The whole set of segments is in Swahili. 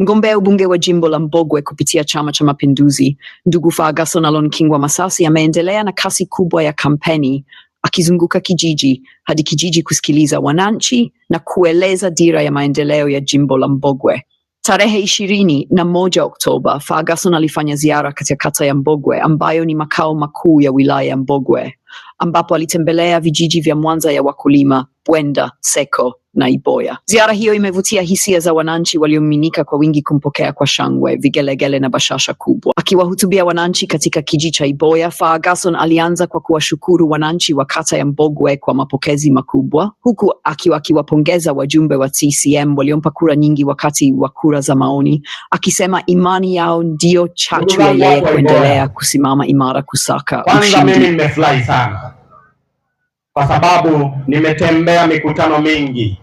Mgombea ubunge wa jimbo la Mbogwe kupitia Chama cha Mapinduzi, ndugu Fagason Alonkingwa Masasi ameendelea na kasi kubwa ya kampeni akizunguka kijiji hadi kijiji kusikiliza wananchi na kueleza dira ya maendeleo ya jimbo la Mbogwe. Tarehe ishirini na moja Oktoba, Fagason alifanya ziara katika kata ya Mbogwe ambayo ni makao makuu ya wilaya ya Mbogwe, ambapo alitembelea vijiji vya Mwanza ya wakulima, Bwenda, Seko na Iboya. Ziara hiyo imevutia hisia za wananchi waliomiminika kwa wingi kumpokea kwa shangwe, vigelegele na bashasha kubwa. Akiwahutubia wananchi katika kijiji cha Iboya, Fagason alianza kwa kuwashukuru wananchi wa kata ya Mbogwe kwa mapokezi makubwa, huku akiwa akiwapongeza wajumbe wa CCM waliompa kura nyingi wakati wa kura za maoni, akisema imani yao ndiyo chachu ya yeye kuendelea kusimama imara kusaka ushindi. Kwa sababu nimetembea mikutano mingi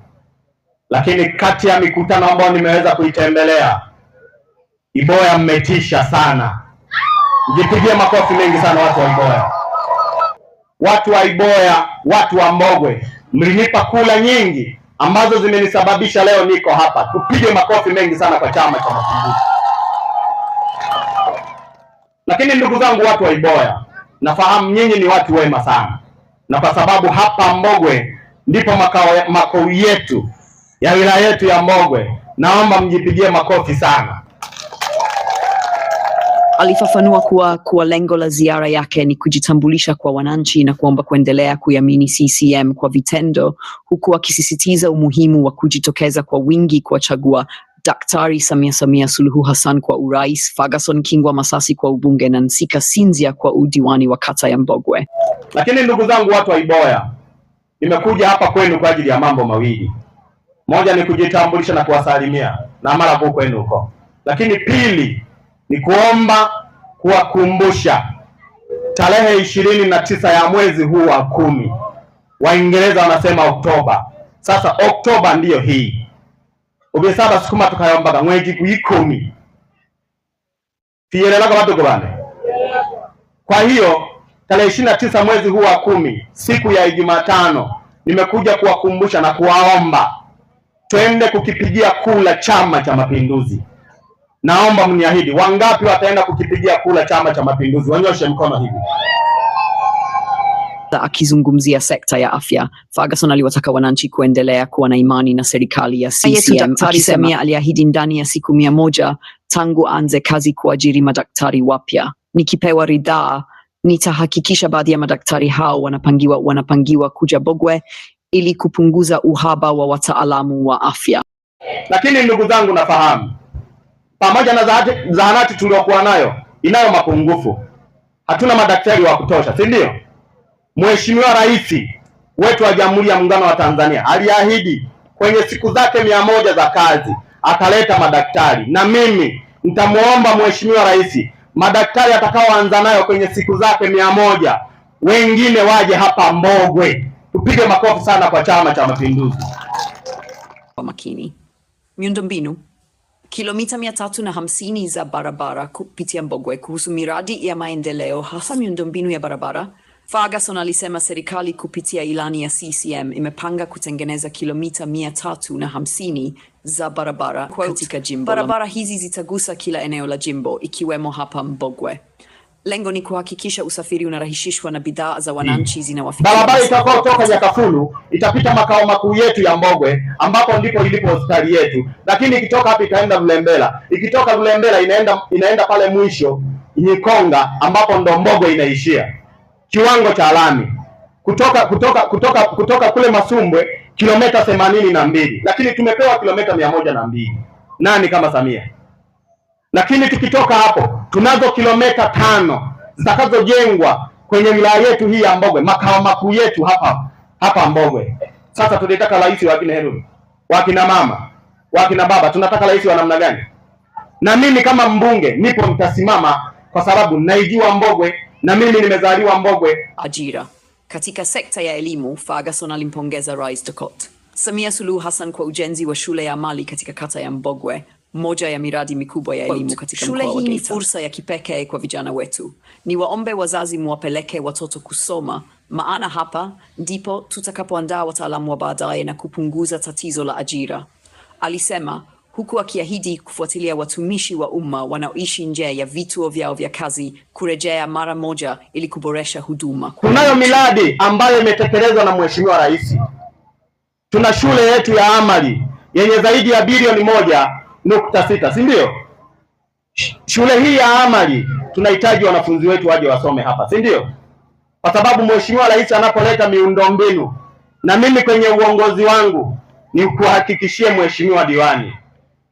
lakini kati ya mikutano ambayo nimeweza kuitembelea, Iboya mmetisha sana. Mjipigie makofi mengi sana watu wa Iboya, watu wa Iboya, watu wa Mbogwe, mlinipa kula nyingi ambazo zimenisababisha leo niko hapa. Tupige makofi mengi sana kwa Chama cha Mapinduzi. Lakini ndugu zangu, watu wa Iboya, nafahamu nyinyi ni watu wema sana, na kwa sababu hapa Mbogwe ndipo makao yetu ya wilaya yetu ya Mbogwe. Naomba mjipigie makofi sana. Alifafanua kuwa kuwa lengo la ziara yake ni kujitambulisha kwa wananchi na kuomba kuendelea kuiamini CCM kwa vitendo, huku akisisitiza umuhimu wa kujitokeza kwa wingi kuwachagua Daktari Samia Samia Suluhu Hassan kwa urais, Fagason Kingwa Masasi kwa ubunge na Nsika Sinzia kwa udiwani wa kata ya Mbogwe. Lakini ndugu zangu, watu wa Iboya, nimekuja hapa kwenu kwa ajili ya mambo mawili. Moja ni kujitambulisha na kuwasalimia na kwa kwenu huko, lakini pili ni kuomba kuwakumbusha tarehe ishirini na tisa ya mwezi huu wa kumi, Waingereza wanasema Oktoba. Sasa Oktoba ndiyo hii ubisaba sukuma tukayombaga mwezi gwikumi watu wadugubane. Kwa hiyo tarehe ishirini na tisa mwezi huu wa kumi, siku ya Ijumatano, nimekuja kuwakumbusha na kuwaomba twende kukipigia kula Chama cha Mapinduzi. Naomba mniahidi, wangapi wataenda kukipigia kula Chama cha Mapinduzi? Wanyoshe mkono hivi. Akizungumzia sekta ya afya, Ferguson aliwataka wananchi kuendelea kuwa na imani na serikali ya CCM. Daktari aliahidi ndani ya siku mia moja tangu anze kazi kuajiri madaktari wapya. Nikipewa ridhaa, nitahakikisha baadhi ya madaktari hao wanapangiwa wanapangiwa kuja Bogwe ili kupunguza uhaba wa wataalamu wa afya. Lakini ndugu zangu, nafahamu pamoja na zahanati, tuliokuwa nayo inayo mapungufu, hatuna madaktari wa kutosha, si ndio? Mheshimiwa Rais wetu wa Jamhuri ya Muungano wa Tanzania aliahidi kwenye siku zake mia moja za kazi ataleta madaktari, na mimi nitamwomba Mheshimiwa Rais madaktari atakaoanza nayo kwenye siku zake mia moja wengine waje hapa Mbogwe Tupige makofi sana kwa Chama cha Mapinduzi. Kwa makini, miundombinu kilomita mia tatu na hamsini za barabara kupitia Mbogwe kuhusu miradi ya maendeleo hasa miundombinu ya barabara. Ferguson alisema serikali kupitia ilani ya CCM imepanga kutengeneza kilomita mia tatu na hamsini za barabara katika jimbo. Barabara hizi zitagusa kila eneo la jimbo ikiwemo hapa Mbogwe lengo ni kuhakikisha usafiri unarahisishwa na bidhaa za hmm. wananchi zinawafikia. Barabara itakuwa kutoka Nyakafulu itapita makao makuu yetu ya Mbogwe, ambapo ndipo ilipo hospitali yetu, lakini ikitoka hapa itaenda Mlembela, ikitoka Mlembela inaenda inaenda pale mwisho Nyikonga, ambapo ndo Mbogwe inaishia kiwango cha lami kutoka kutoka kutoka kutoka kule Masumbwe kilomita themanini na mbili, lakini tumepewa kilomita mia moja na mbili. Nani kama Samia? Lakini tukitoka hapo, tunazo kilometa tano zitakazojengwa kwenye wilaya yetu hii ya Mbogwe, makao makuu yetu hapa hapa Mbogwe. Sasa tunataka rais wa kina Heruru, wa kina mama, wa kina baba, tunataka rais wa namna gani? Na mimi kama mbunge nipo, nitasimama kwa sababu naijua Mbogwe na mimi nimezaliwa Mbogwe. Ajira katika sekta ya elimu, Ferguson alimpongeza Rais Dokot Samia Suluhu Hassan kwa ujenzi wa shule ya amali katika kata ya Mbogwe moja ya miradi mikubwa ya elimu katika shule hii ni fursa ya kipekee kwa vijana wetu. Ni waombe wazazi mwapeleke watoto kusoma, maana hapa ndipo tutakapoandaa wataalamu wa baadaye na kupunguza tatizo la ajira, alisema huku akiahidi kufuatilia watumishi wa umma wanaoishi nje ya vituo vyao vya kazi kurejea mara moja ili kuboresha huduma. Tunayo miradi ambayo imetekelezwa na Mheshimiwa Rais. Tuna shule yetu ya amali yenye zaidi ya bilioni moja nukta sita si ndio? Shule hii ya amali tunahitaji wanafunzi wetu waje wasome hapa, si ndio? Kwa sababu Mheshimiwa Rais anapoleta miundombinu, na mimi kwenye uongozi wangu ni kuhakikishie Mheshimiwa diwani,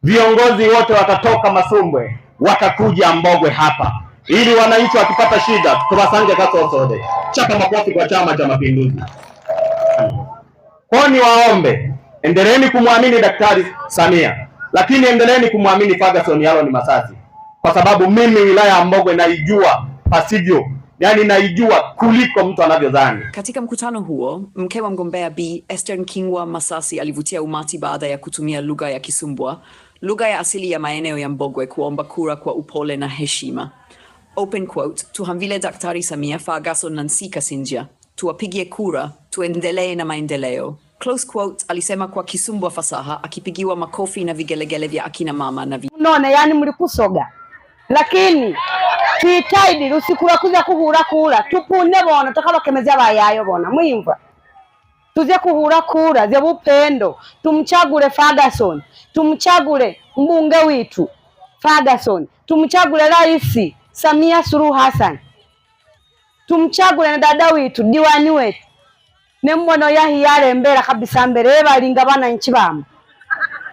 viongozi wote watatoka Masumbwe watakuja Mbogwe hapa ili wananchi wakipata shida tuwasange kasosode. Chapa makofi kwa Chama cha Mapinduzi. ni waombe endeleeni kumwamini Daktari Samia lakini endeleeni kumwamini Ferguson, yalo ni masasi, kwa sababu mimi wilaya ya Mbogwe naijua pasivyo yaani naijua kuliko mtu anavyodhani. Katika mkutano huo, mke wa mgombea b Esther Nkingwa Masasi alivutia umati baada ya kutumia lugha ya Kisumbwa, lugha ya asili ya maeneo ya Mbogwe, kuomba kura kwa upole na heshima. Open quote, tuhamvile Daktari Samia Ferguson Nancy Kasinja, tuwapigie kura, tuendelee na maendeleo close quote, alisema kwa kisumbwa fasaha akipigiwa makofi na vigelegele vya akina mama na vi... unaona yani mlikusoga lakini twitaidi lusikula kuja kuhura kura tupune bona takabakemeja bayayo bona mwimva tuje kuhura kura ze bupendo tumchagule Ferguson tumchagule mbunge witu Ferguson tumchagule Rais Samia Suluhu Hassan tumchagule na dada witu diwani wetu ne yahi yale embeera kabisa mbere ebalinga bananchi bamu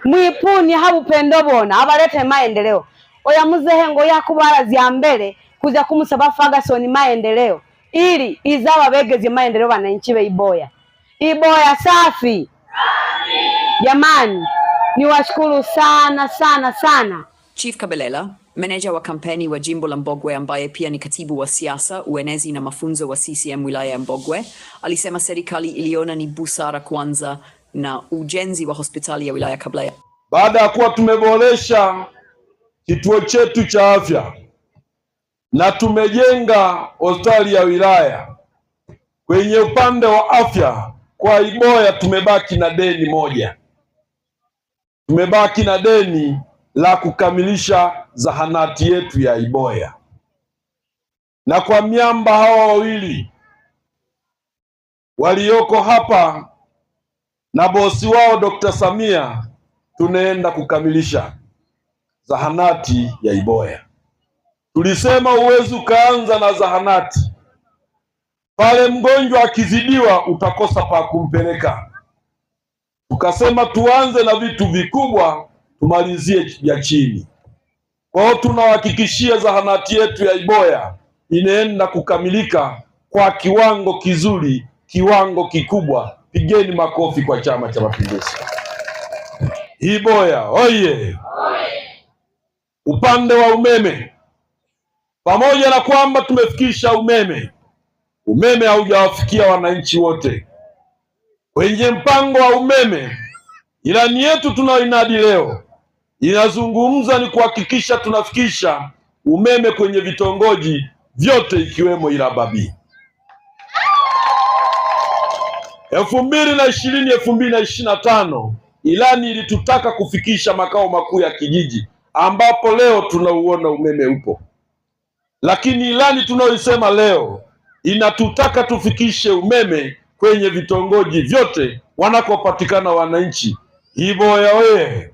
mwipuni habupendo bona abalete maendeleo oya muzehe ngo yakubarazi ya mbele kuja kumusaba Ferguson maendeleo ili izawa begeze maendeleo wananchi beiboya iboya safi jamani niwashukuru sana sana sana Chief Kabelela, meneja wa kampeni wa jimbo la Mbogwe ambaye pia ni katibu wa siasa, uenezi na mafunzo wa CCM wilaya ya Mbogwe, alisema serikali iliona ni busara kwanza na ujenzi wa hospitali ya wilaya kabla ya baada ya kuwa tumeboresha kituo chetu cha afya na tumejenga hospitali ya wilaya. Kwenye upande wa afya kwa Iboya tumebaki na deni moja, tumebaki na deni la kukamilisha zahanati yetu ya Iboya, na kwa miamba hawa wawili walioko hapa na bosi wao Dr. Samia, tunaenda kukamilisha zahanati ya Iboya. Tulisema uwezi ukaanza na zahanati pale, mgonjwa akizidiwa utakosa pa kumpeleka. Tukasema tuanze na vitu vikubwa tumalizie ya chini. Kwa hiyo tunahakikishia zahanati yetu ya Iboya inaenda kukamilika kwa kiwango kizuri, kiwango kikubwa. Pigeni makofi kwa Chama cha Mapinduzi. Iboya oye, Upande wa umeme, pamoja na kwamba tumefikisha umeme, umeme haujawafikia wananchi wote. Kwenye mpango wa umeme, ilani yetu tunaoinadi leo inazungumza ni kuhakikisha tunafikisha umeme kwenye vitongoji vyote ikiwemo Iramba B. elfu mbili na ishirini elfu mbili na ishirini na tano ilani ilitutaka kufikisha makao makuu ya kijiji ambapo leo tunauona umeme upo, lakini ilani tunayoisema leo inatutaka tufikishe umeme kwenye vitongoji vyote wanakopatikana wananchi. Hivyo yawe